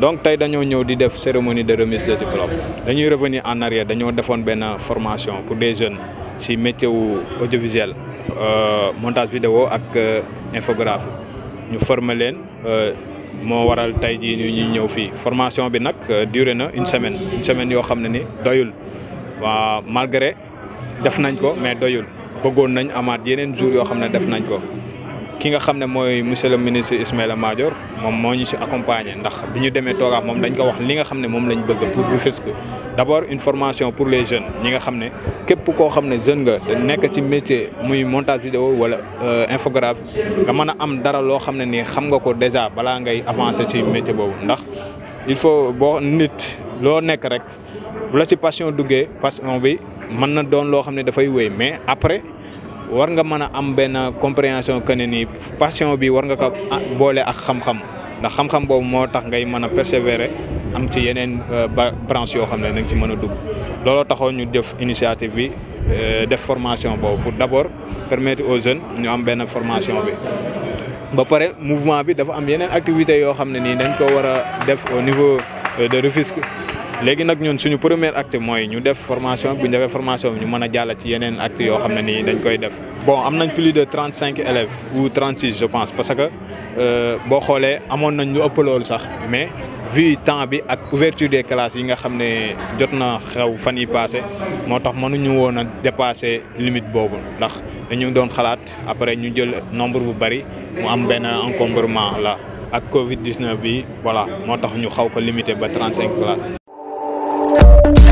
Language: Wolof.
donc tey dañoo ñëw di def cérémonie de remise de diplôme dañuy revenir en arrière dañoo defoon benn formation pour des jeunes ci métier wu audiovisuel euh, montage vidéo ak euh, infographie ñu former leen euh, moo waral tey jii ñu ñuy ñëw fii formation bi nag dure na une semaine une semaine yoo xam ne ni doyul waa malgré def nañ ko mais doyul bëggoon nañ amaat yeneen jours yoo xam ne def nañ ko ki nga xamné moy monsieur le ministre Ismaël Madior mom moo ñu si accompagner ndax biñu démé toga mom dañ ko wax li nga xamné mom moom lañ bëgg pour le fisc d'abord une formation pour les jeunes ñi nga xamné képp ko xamné jeune nga nek ci métier muy montage vidéo wala euh, infographe nga mëna am dara lo xamné ni xam nga ko déjà bala ngay avancer ci métier bobu ndax il faut bo nit lo nek rek bu la si passion duggee passion bi mën na doon lo xamné da fay wéy mais après war nga mën a am benn compréhension que nii passion bi war nga ko ah, boole ak xam-xam ndax xam-xam boobu moo tax ngay mën a persévérer am ci yeneen euh, ba branche yoo xam ne da nga ci mën a dugg looloo taxoon ñu def initiative bi euh, def formation boobu pour d'abord permettre aux jeunes ñu am benn formation bi. ba pare mouvement bi dafa am yeneen activités yoo xam ne nii dañ koo war a def au niveau euh, de Rufisque léegi nak ñun suñu premier acte moy ñu def formation bu ñu formation ñu mëna jall ci yenen acte yo xamné ne dañ koy def bon am nañ plus de 35 élèves ou 36, je pense parce que euh, bo xolé amon nañ lu ëpp loolu sax mais vu temps bi ak ouverture des classes yi nga xamné ne jot na xew fan yi passé motax mënu ñu wona a dépasser limite boobu ndax dañu doon xalaat après ñu jël nombre bu bari mu am ben encombrement la ak Covid 19 bi voilà motax ñu xaw ko limité ba 35 cinq classes. Thank you.